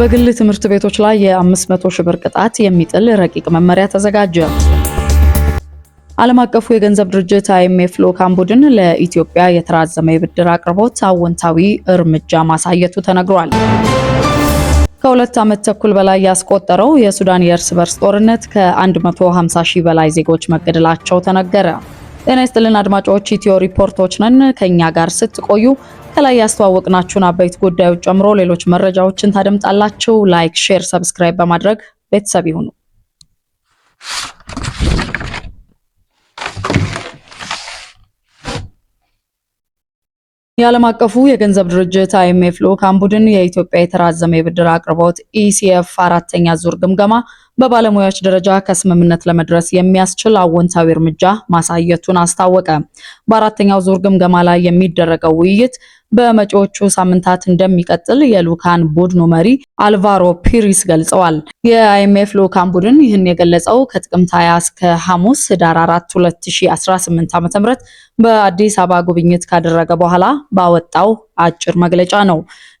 በግል ትምህርት ቤቶች ላይ የ500 ሺህ ብር ቅጣት የሚጥል ረቂቅ መመሪያ ተዘጋጀ። ዓለም አቀፉ የገንዘብ ድርጅት አይኤምኤፍ ልዑካን ቡድን ለኢትዮጵያ የተራዘመ የብድር አቅርቦት አዎንታዊ እርምጃ ማሳየቱ ተነግሯል። ከሁለት ዓመት ተኩል በላይ ያስቆጠረው የሱዳን የእርስ በርስ ጦርነት ከ150 ሺህ በላይ ዜጎች መገደላቸው ተነገረ። ጤና ይስጥልን አድማጮች፣ ኢትዮ ሪፖርቶች ነን። ከእኛ ጋር ስትቆዩ ከላይ ያስተዋወቅናችሁን አበይት ጉዳዮች ጨምሮ ሌሎች መረጃዎችን ታደምጣላችሁ። ላይክ፣ ሼር፣ ሰብስክራይብ በማድረግ ቤተሰብ ይሁኑ። የዓለም አቀፉ የገንዘብ ድርጅት አይኤምኤፍ ልዑካን ቡድን የኢትዮጵያ የተራዘመ የብድር አቅርቦት ኢሲኤፍ አራተኛ ዙር ግምገማ በባለሙያዎች ደረጃ ከስምምነት ለመድረስ የሚያስችል አወንታዊ እርምጃ ማሳየቱን አስታወቀ። በአራተኛው ዙር ግምገማ ላይ የሚደረገው ውይይት በመጪዎቹ ሳምንታት እንደሚቀጥል የሉካን ቡድኑ መሪ አልቫሮ ፒሪስ ገልጸዋል። የአይኤምኤፍ ሉካን ቡድን ይህን የገለጸው ከጥቅምት 20 እስከ ሐሙስ ህዳር 4 2018 ዓ ም በአዲስ አበባ ጉብኝት ካደረገ በኋላ ባወጣው አጭር መግለጫ ነው።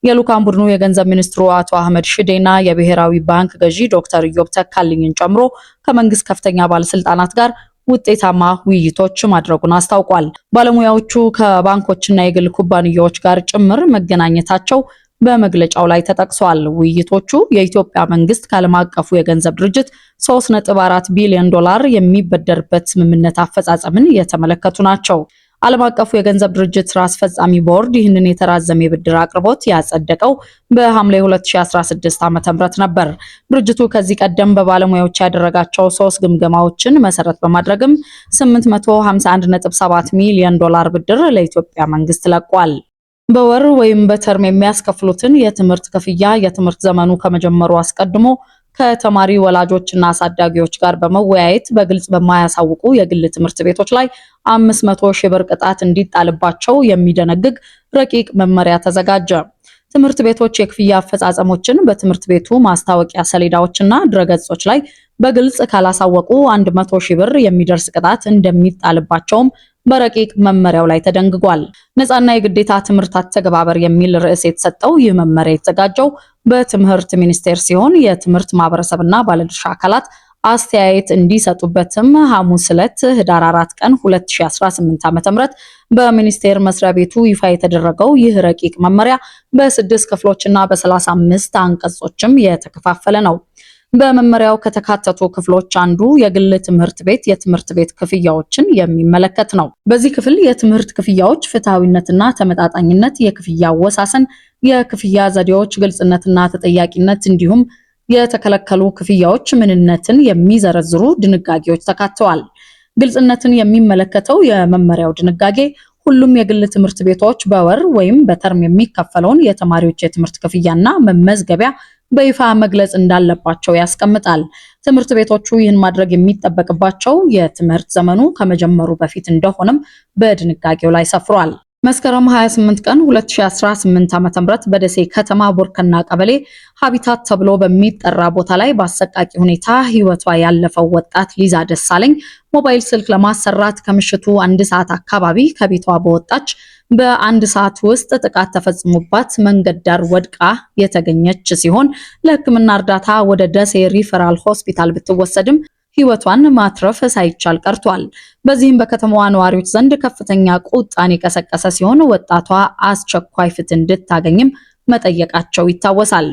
የሉካን ቡድኑ የገንዘብ ሚኒስትሩ አቶ አህመድ ሽዴና የብሔራዊ ባንክ ገዢ ዶክተር ኢዮብ ተካልኝን ጨምሮ ከመንግስት ከፍተኛ ባለስልጣናት ጋር ውጤታማ ውይይቶች ማድረጉን አስታውቋል። ባለሙያዎቹ ከባንኮችና የግል ኩባንያዎች ጋር ጭምር መገናኘታቸው በመግለጫው ላይ ተጠቅሷል። ውይይቶቹ የኢትዮጵያ መንግስት ከዓለም አቀፉ የገንዘብ ድርጅት 3.4 ቢሊዮን ዶላር የሚበደርበት ስምምነት አፈጻጸምን የተመለከቱ ናቸው። ዓለም አቀፉ የገንዘብ ድርጅት ስራ አስፈጻሚ ቦርድ ይህንን የተራዘመ የብድር አቅርቦት ያጸደቀው በሐምሌ 2016 ዓ.ም ነበር። ድርጅቱ ከዚህ ቀደም በባለሙያዎች ያደረጋቸው ሶስት ግምገማዎችን መሰረት በማድረግም 851.7 ሚሊዮን ዶላር ብድር ለኢትዮጵያ መንግስት ለቋል። በወር ወይም በተርም የሚያስከፍሉትን የትምህርት ክፍያ የትምህርት ዘመኑ ከመጀመሩ አስቀድሞ ከተማሪ ወላጆችና አሳዳጊዎች ጋር በመወያየት በግልጽ በማያሳውቁ የግል ትምህርት ቤቶች ላይ 500 ሺህ ብር ቅጣት እንዲጣልባቸው የሚደነግግ ረቂቅ መመሪያ ተዘጋጀ። ትምህርት ቤቶች የክፍያ አፈጻጸሞችን በትምህርት ቤቱ ማስታወቂያ ሰሌዳዎችና ድረገጾች ላይ በግልጽ ካላሳወቁ 100 መቶ ሺህ ብር የሚደርስ ቅጣት እንደሚጣልባቸውም በረቂቅ መመሪያው ላይ ተደንግጓል። ነፃና የግዴታ ትምህርት አተገባበር የሚል ርዕስ የተሰጠው ይህ መመሪያ የተዘጋጀው በትምህርት ሚኒስቴር ሲሆን የትምህርት ማህበረሰብና ባለድርሻ አካላት አስተያየት እንዲሰጡበትም ሐሙስ ዕለት ህዳር 4 ቀን 2018 ዓ.ም በሚኒስቴር መስሪያ ቤቱ ይፋ የተደረገው ይህ ረቂቅ መመሪያ በስድስት ክፍሎችና በ35 አንቀጾችም የተከፋፈለ ነው። በመመሪያው ከተካተቱ ክፍሎች አንዱ የግል ትምህርት ቤት የትምህርት ቤት ክፍያዎችን የሚመለከት ነው። በዚህ ክፍል የትምህርት ክፍያዎች ፍትሐዊነትና ተመጣጣኝነት፣ የክፍያ አወሳሰን፣ የክፍያ ዘዴዎች ግልጽነትና ተጠያቂነት እንዲሁም የተከለከሉ ክፍያዎች ምንነትን የሚዘረዝሩ ድንጋጌዎች ተካተዋል። ግልጽነትን የሚመለከተው የመመሪያው ድንጋጌ ሁሉም የግል ትምህርት ቤቶች በወር ወይም በተርም የሚከፈለውን የተማሪዎች የትምህርት ክፍያና መመዝገቢያ በይፋ መግለጽ እንዳለባቸው ያስቀምጣል። ትምህርት ቤቶቹ ይህን ማድረግ የሚጠበቅባቸው የትምህርት ዘመኑ ከመጀመሩ በፊት እንደሆነም በድንጋጌው ላይ ሰፍሯል። መስከረም 28 ቀን 2018 ዓ.ም በደሴ ከተማ ቦርከና ቀበሌ ሀቢታት ተብሎ በሚጠራ ቦታ ላይ በአሰቃቂ ሁኔታ ህይወቷ ያለፈው ወጣት ሊዛ ደሳለኝ ሞባይል ስልክ ለማሰራት ከምሽቱ አንድ ሰዓት አካባቢ ከቤቷ በወጣች በአንድ ሰዓት ውስጥ ጥቃት ተፈጽሞባት መንገድ ዳር ወድቃ የተገኘች ሲሆን ለሕክምና እርዳታ ወደ ደሴ ሪፈራል ሆስፒታል ብትወሰድም ህይወቷን ማትረፍ ሳይቻል ቀርቷል። በዚህም በከተማዋ ነዋሪዎች ዘንድ ከፍተኛ ቁጣን የቀሰቀሰ ሲሆን ወጣቷ አስቸኳይ ፍትህ እንድታገኝም መጠየቃቸው ይታወሳል።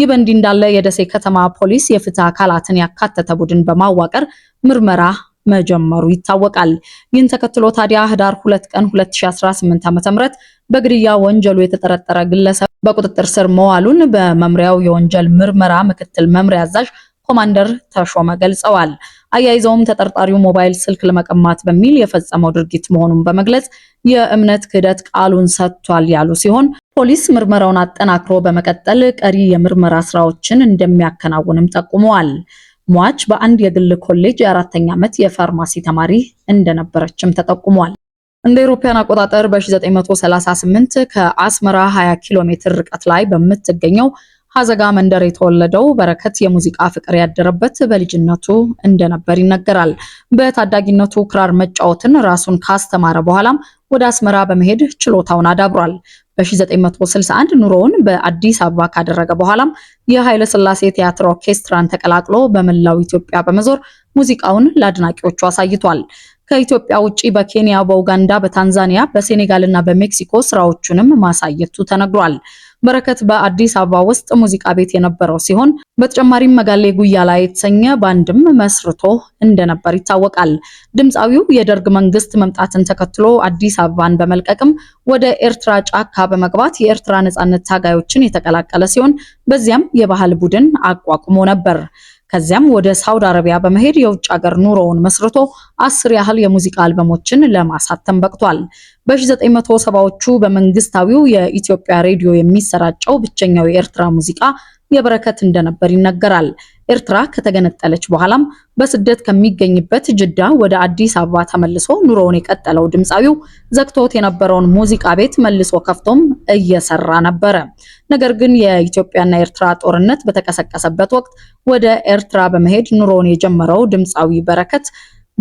ይህ በእንዲህ እንዳለ የደሴ ከተማ ፖሊስ የፍትህ አካላትን ያካተተ ቡድን በማዋቀር ምርመራ መጀመሩ ይታወቃል። ይህን ተከትሎ ታዲያ ህዳር 2 ቀን 2018 ዓ.ም በግድያ ወንጀሉ የተጠረጠረ ግለሰብ በቁጥጥር ስር መዋሉን በመምሪያው የወንጀል ምርመራ ምክትል መምሪያ አዛዥ ኮማንደር ተሾመ ገልጸዋል። አያይዘውም ተጠርጣሪው ሞባይል ስልክ ለመቀማት በሚል የፈጸመው ድርጊት መሆኑን በመግለጽ የእምነት ክህደት ቃሉን ሰጥቷል ያሉ ሲሆን ፖሊስ ምርመራውን አጠናክሮ በመቀጠል ቀሪ የምርመራ ስራዎችን እንደሚያከናውንም ጠቁመዋል። ሟች በአንድ የግል ኮሌጅ የአራተኛ ዓመት የፋርማሲ ተማሪ እንደነበረችም ተጠቁሟል። እንደ አውሮፓውያን አቆጣጠር በ1938 ከአስመራ 20 ኪሎ ሜትር ርቀት ላይ በምትገኘው ሀዘጋ መንደር የተወለደው በረከት የሙዚቃ ፍቅር ያደረበት በልጅነቱ እንደነበር ይነገራል። በታዳጊነቱ ክራር መጫወትን ራሱን ካስተማረ በኋላም ወደ አስመራ በመሄድ ችሎታውን አዳብሯል። በ1961 ኑሮውን በአዲስ አበባ ካደረገ በኋላም የኃይለ ሥላሴ ቲያትር ኦርኬስትራን ተቀላቅሎ በመላው ኢትዮጵያ በመዞር ሙዚቃውን ለአድናቂዎቹ አሳይቷል። ከኢትዮጵያ ውጪ በኬንያ፣ በኡጋንዳ፣ በታንዛኒያ፣ በሴኔጋል እና በሜክሲኮ ስራዎቹንም ማሳየቱ ተነግሯል። በረከት በአዲስ አበባ ውስጥ ሙዚቃ ቤት የነበረው ሲሆን በተጨማሪም መጋሌ ጉያ ላይ የተሰኘ ባንድም መስርቶ እንደነበር ይታወቃል። ድምፃዊው የደርግ መንግስት መምጣትን ተከትሎ አዲስ አበባን በመልቀቅም ወደ ኤርትራ ጫካ በመግባት የኤርትራ ነፃነት ታጋዮችን የተቀላቀለ ሲሆን በዚያም የባህል ቡድን አቋቁሞ ነበር። ከዚያም ወደ ሳውዲ አረቢያ በመሄድ የውጭ ሀገር ኑሮውን መስርቶ አስር ያህል የሙዚቃ አልበሞችን ለማሳተም በቅቷል። በ1970ዎቹ በመንግስታዊው የኢትዮጵያ ሬዲዮ የሚሰራጨው ብቸኛው የኤርትራ ሙዚቃ የበረከት እንደነበር ይነገራል። ኤርትራ ከተገነጠለች በኋላም በስደት ከሚገኝበት ጅዳ ወደ አዲስ አበባ ተመልሶ ኑሮውን የቀጠለው ድምፃዊው ዘግቶት የነበረውን ሙዚቃ ቤት መልሶ ከፍቶም እየሰራ ነበረ። ነገር ግን የኢትዮጵያና ኤርትራ ጦርነት በተቀሰቀሰበት ወቅት ወደ ኤርትራ በመሄድ ኑሮውን የጀመረው ድምፃዊ በረከት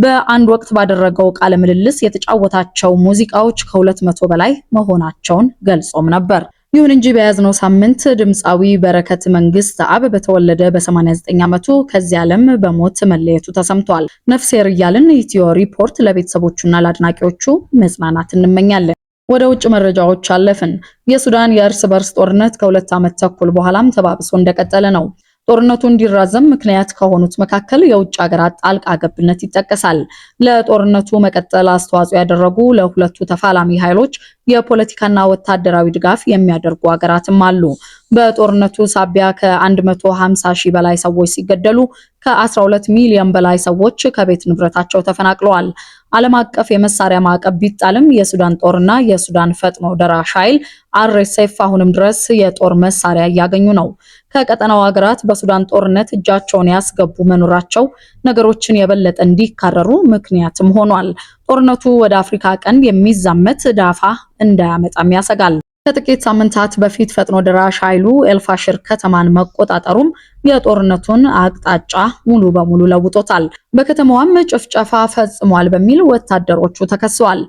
በአንድ ወቅት ባደረገው ቃለ ምልልስ የተጫወታቸው ሙዚቃዎች ከሁለት መቶ በላይ መሆናቸውን ገልጾም ነበር። ይሁን እንጂ በያዝነው ሳምንት ድምፃዊ በረከት መንግስት አብ በተወለደ በ89 ዓመቱ ከዚህ ዓለም በሞት መለየቱ ተሰምቷል። ነፍሴር እያልን ኢትዮ ሪፖርት ለቤተሰቦቹና ለአድናቂዎቹ መጽናናት እንመኛለን። ወደ ውጭ መረጃዎች አለፍን። የሱዳን የእርስ በርስ ጦርነት ከሁለት ዓመት ተኩል በኋላም ተባብሶ እንደቀጠለ ነው። ጦርነቱ እንዲራዘም ምክንያት ከሆኑት መካከል የውጭ ሀገራት ጣልቃ ገብነት ይጠቀሳል። ለጦርነቱ መቀጠል አስተዋጽኦ ያደረጉ ለሁለቱ ተፋላሚ ኃይሎች የፖለቲካና ወታደራዊ ድጋፍ የሚያደርጉ ሀገራትም አሉ። በጦርነቱ ሳቢያ ከ150 ሺህ በላይ ሰዎች ሲገደሉ ከ12 ሚሊዮን በላይ ሰዎች ከቤት ንብረታቸው ተፈናቅለዋል። ዓለም አቀፍ የመሳሪያ ማዕቀብ ቢጣልም የሱዳን ጦርና የሱዳን ፈጥኖ ደራሽ ኃይል አርኤስኤፍ አሁንም ድረስ የጦር መሳሪያ እያገኙ ነው። ከቀጠናው ሀገራት በሱዳን ጦርነት እጃቸውን ያስገቡ መኖራቸው ነገሮችን የበለጠ እንዲካረሩ ምክንያትም ሆኗል። ጦርነቱ ወደ አፍሪካ ቀንድ የሚዛመት ዳፋ እንዳያመጣም ያሰጋል። ከጥቂት ሳምንታት በፊት ፈጥኖ ደራሽ ኃይሉ ኤልፋሽር ከተማን መቆጣጠሩም የጦርነቱን አቅጣጫ ሙሉ በሙሉ ለውጦታል። በከተማዋም ጭፍጨፋ ፈጽሟል በሚል ወታደሮቹ ተከሰዋል።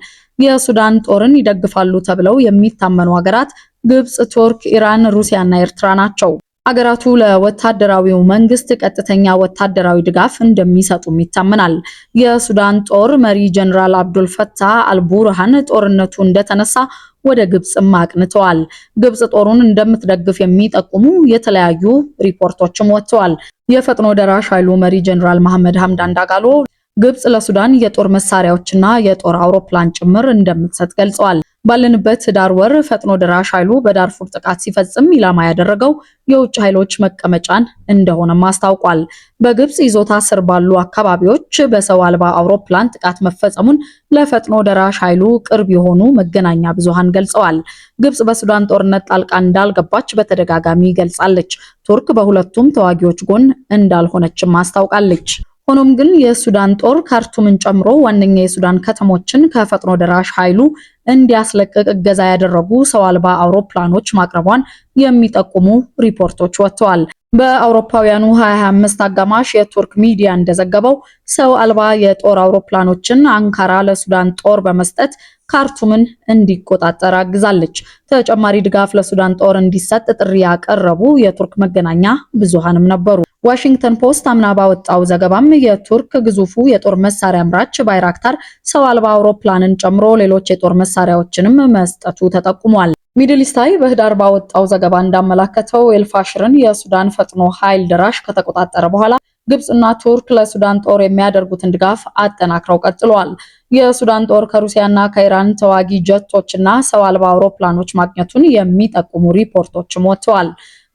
የሱዳን ጦርን ይደግፋሉ ተብለው የሚታመኑ ሀገራት ግብጽ፣ ቱርክ፣ ኢራን፣ ሩሲያና ኤርትራ ናቸው። አገራቱ ለወታደራዊው መንግስት ቀጥተኛ ወታደራዊ ድጋፍ እንደሚሰጡም ይታመናል። የሱዳን ጦር መሪ ጀነራል አብዱል ፈታህ አልቡርሃን ጦርነቱ እንደተነሳ ወደ ግብፅም አቅንተዋል። ግብፅ ጦሩን እንደምትደግፍ የሚጠቁሙ የተለያዩ ሪፖርቶችም ወጥተዋል። የፈጥኖ ደራሽ ኃይሉ መሪ ጀኔራል መሐመድ ሐምዳን ዳጋሎ ግብፅ ለሱዳን የጦር መሳሪያዎችና የጦር አውሮፕላን ጭምር እንደምትሰጥ ገልጸዋል። ባለንበት ህዳር ወር ፈጥኖ ደራሽ ኃይሉ በዳርፉር ጥቃት ሲፈጽም ኢላማ ያደረገው የውጭ ኃይሎች መቀመጫን እንደሆነም አስታውቋል። በግብጽ ይዞታ ስር ባሉ አካባቢዎች በሰው አልባ አውሮፕላን ጥቃት መፈጸሙን ለፈጥኖ ደራሽ ኃይሉ ቅርብ የሆኑ መገናኛ ብዙሃን ገልጸዋል። ግብጽ በሱዳን ጦርነት ጣልቃ እንዳልገባች በተደጋጋሚ ገልጻለች። ቱርክ በሁለቱም ተዋጊዎች ጎን እንዳልሆነችም አስታውቃለች። ሆኖም ግን የሱዳን ጦር ካርቱምን ጨምሮ ዋነኛ የሱዳን ከተሞችን ከፈጥኖ ደራሽ ኃይሉ እንዲያስለቅቅ እገዛ ያደረጉ ሰው አልባ አውሮፕላኖች ማቅረቧን የሚጠቁሙ ሪፖርቶች ወጥተዋል። በአውሮፓውያኑ 25 አጋማሽ የቱርክ ሚዲያ እንደዘገበው ሰው አልባ የጦር አውሮፕላኖችን አንካራ ለሱዳን ጦር በመስጠት ካርቱምን እንዲቆጣጠር አግዛለች። ተጨማሪ ድጋፍ ለሱዳን ጦር እንዲሰጥ ጥሪ ያቀረቡ የቱርክ መገናኛ ብዙሃንም ነበሩ። ዋሽንግተን ፖስት አምና ባወጣው ዘገባም የቱርክ ግዙፉ የጦር መሳሪያ አምራች ባይራክታር ሰው አልባ አውሮፕላንን ጨምሮ ሌሎች የጦር መሳሪያዎችንም መስጠቱ ተጠቁሟል። ሚድል ኢስታይ በህዳር ባወጣው ዘገባ እንዳመላከተው ኤልፋሽርን የሱዳን ፈጥኖ ኃይል ድራሽ ከተቆጣጠረ በኋላ ግብጽና ቱርክ ለሱዳን ጦር የሚያደርጉትን ድጋፍ አጠናክረው ቀጥለዋል። የሱዳን ጦር ከሩሲያና ከኢራን ተዋጊ ጀቶችና ሰው አልባ አውሮፕላኖች ማግኘቱን የሚጠቁሙ ሪፖርቶችም ወጥተዋል።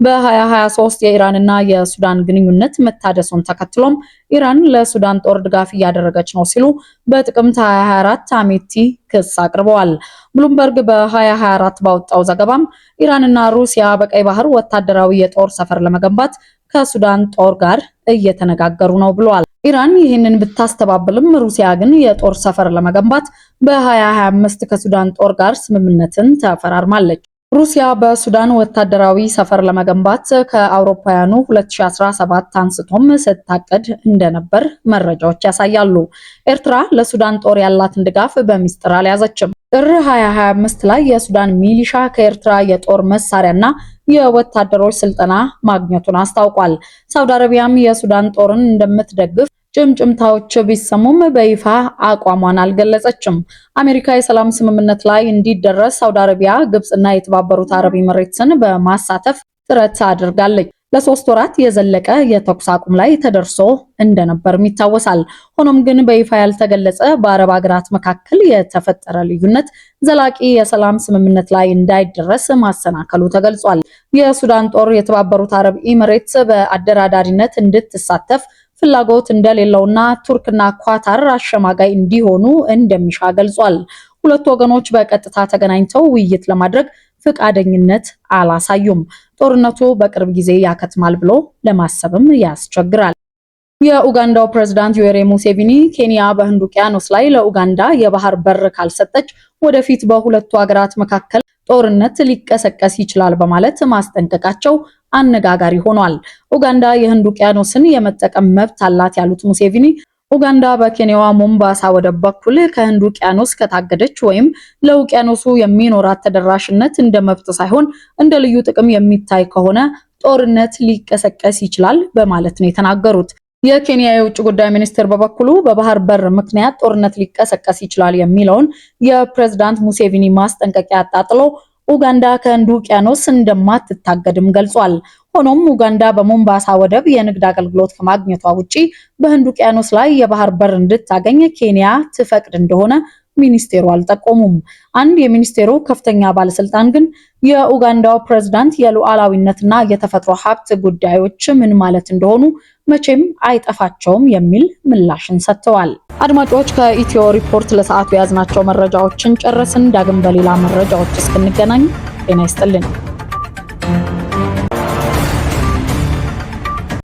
በ2023 የኢራንና የሱዳን ግንኙነት መታደሱን ተከትሎም ኢራን ለሱዳን ጦር ድጋፍ እያደረገች ነው ሲሉ በጥቅምት 2024 አሜቲ ክስ አቅርበዋል። ብሉምበርግ በ2024 ባወጣው ዘገባም ኢራንና ሩሲያ በቀይ ባህር ወታደራዊ የጦር ሰፈር ለመገንባት ከሱዳን ጦር ጋር እየተነጋገሩ ነው ብሏል። ኢራን ይህንን ብታስተባብልም ሩሲያ ግን የጦር ሰፈር ለመገንባት በ2025 ከሱዳን ጦር ጋር ስምምነትን ተፈራርማለች። ሩሲያ በሱዳን ወታደራዊ ሰፈር ለመገንባት ከአውሮፓውያኑ 2017 አንስቶም ስታቀድ እንደነበር መረጃዎች ያሳያሉ። ኤርትራ ለሱዳን ጦር ያላትን ድጋፍ በሚስጥር አልያዘችም። ጥር 2025 ላይ የሱዳን ሚሊሻ ከኤርትራ የጦር መሳሪያና የወታደሮች ስልጠና ማግኘቱን አስታውቋል። ሳውዲ አረቢያም የሱዳን ጦርን እንደምትደግፍ ጭምጭምታዎች ቢሰሙም በይፋ አቋሟን አልገለጸችም። አሜሪካ የሰላም ስምምነት ላይ እንዲደረስ ሳውዲ አረቢያ፣ ግብፅና የተባበሩት አረብ ኤምሬትስን በማሳተፍ ጥረት አድርጋለች። ለሶስት ወራት የዘለቀ የተኩስ አቁም ላይ ተደርሶ እንደነበርም ይታወሳል። ሆኖም ግን በይፋ ያልተገለጸ በአረብ ሀገራት መካከል የተፈጠረ ልዩነት ዘላቂ የሰላም ስምምነት ላይ እንዳይደረስ ማሰናከሉ ተገልጿል። የሱዳን ጦር የተባበሩት አረብ ኤምሬትስ በአደራዳሪነት እንድትሳተፍ ፍላጎት እንደሌለውና ቱርክና ኳታር አሸማጋይ እንዲሆኑ እንደሚሻ ገልጿል። ሁለቱ ወገኖች በቀጥታ ተገናኝተው ውይይት ለማድረግ ፈቃደኝነት አላሳዩም። ጦርነቱ በቅርብ ጊዜ ያከትማል ብሎ ለማሰብም ያስቸግራል። የኡጋንዳው ፕሬዝዳንት ዩዌሪ ሙሴቪኒ ኬንያ በህንድ ውቅያኖስ ላይ ለኡጋንዳ የባህር በር ካልሰጠች ወደፊት በሁለቱ ሀገራት መካከል ጦርነት ሊቀሰቀስ ይችላል በማለት ማስጠንቀቃቸው አነጋጋሪ ሆኗል። ኡጋንዳ የህንድ ውቅያኖስን የመጠቀም መብት አላት ያሉት ሙሴቪኒ ኡጋንዳ በኬንያዋ ሞምባሳ ወደብ በኩል ከህንድ ውቅያኖስ ከታገደች ወይም ለውቅያኖሱ የሚኖራት ተደራሽነት እንደ መብት ሳይሆን እንደ ልዩ ጥቅም የሚታይ ከሆነ ጦርነት ሊቀሰቀስ ይችላል በማለት ነው የተናገሩት። የኬንያ የውጭ ጉዳይ ሚኒስትር በበኩሉ በባህር በር ምክንያት ጦርነት ሊቀሰቀስ ይችላል የሚለውን የፕሬዝዳንት ሙሴቪኒ ማስጠንቀቂያ አጣጥሎ ኡጋንዳ ከህንዱ ውቅያኖስ እንደማትታገድም ገልጿል። ሆኖም ኡጋንዳ በሞምባሳ ወደብ የንግድ አገልግሎት ከማግኘቷ ውጪ በህንድ ውቅያኖስ ላይ የባህር በር እንድታገኝ ኬንያ ትፈቅድ እንደሆነ ሚኒስቴሩ አልጠቆሙም። አንድ የሚኒስቴሩ ከፍተኛ ባለስልጣን ግን የኡጋንዳው ፕሬዝዳንት የሉዓላዊነትና የተፈጥሮ ሀብት ጉዳዮች ምን ማለት እንደሆኑ መቼም አይጠፋቸውም የሚል ምላሽን ሰጥተዋል። አድማጮች ከኢትዮ ሪፖርት ለሰዓቱ የያዝናቸው መረጃዎችን ጨረስን። ዳግም በሌላ መረጃዎች እስክንገናኝ ጤና ይስጥልን።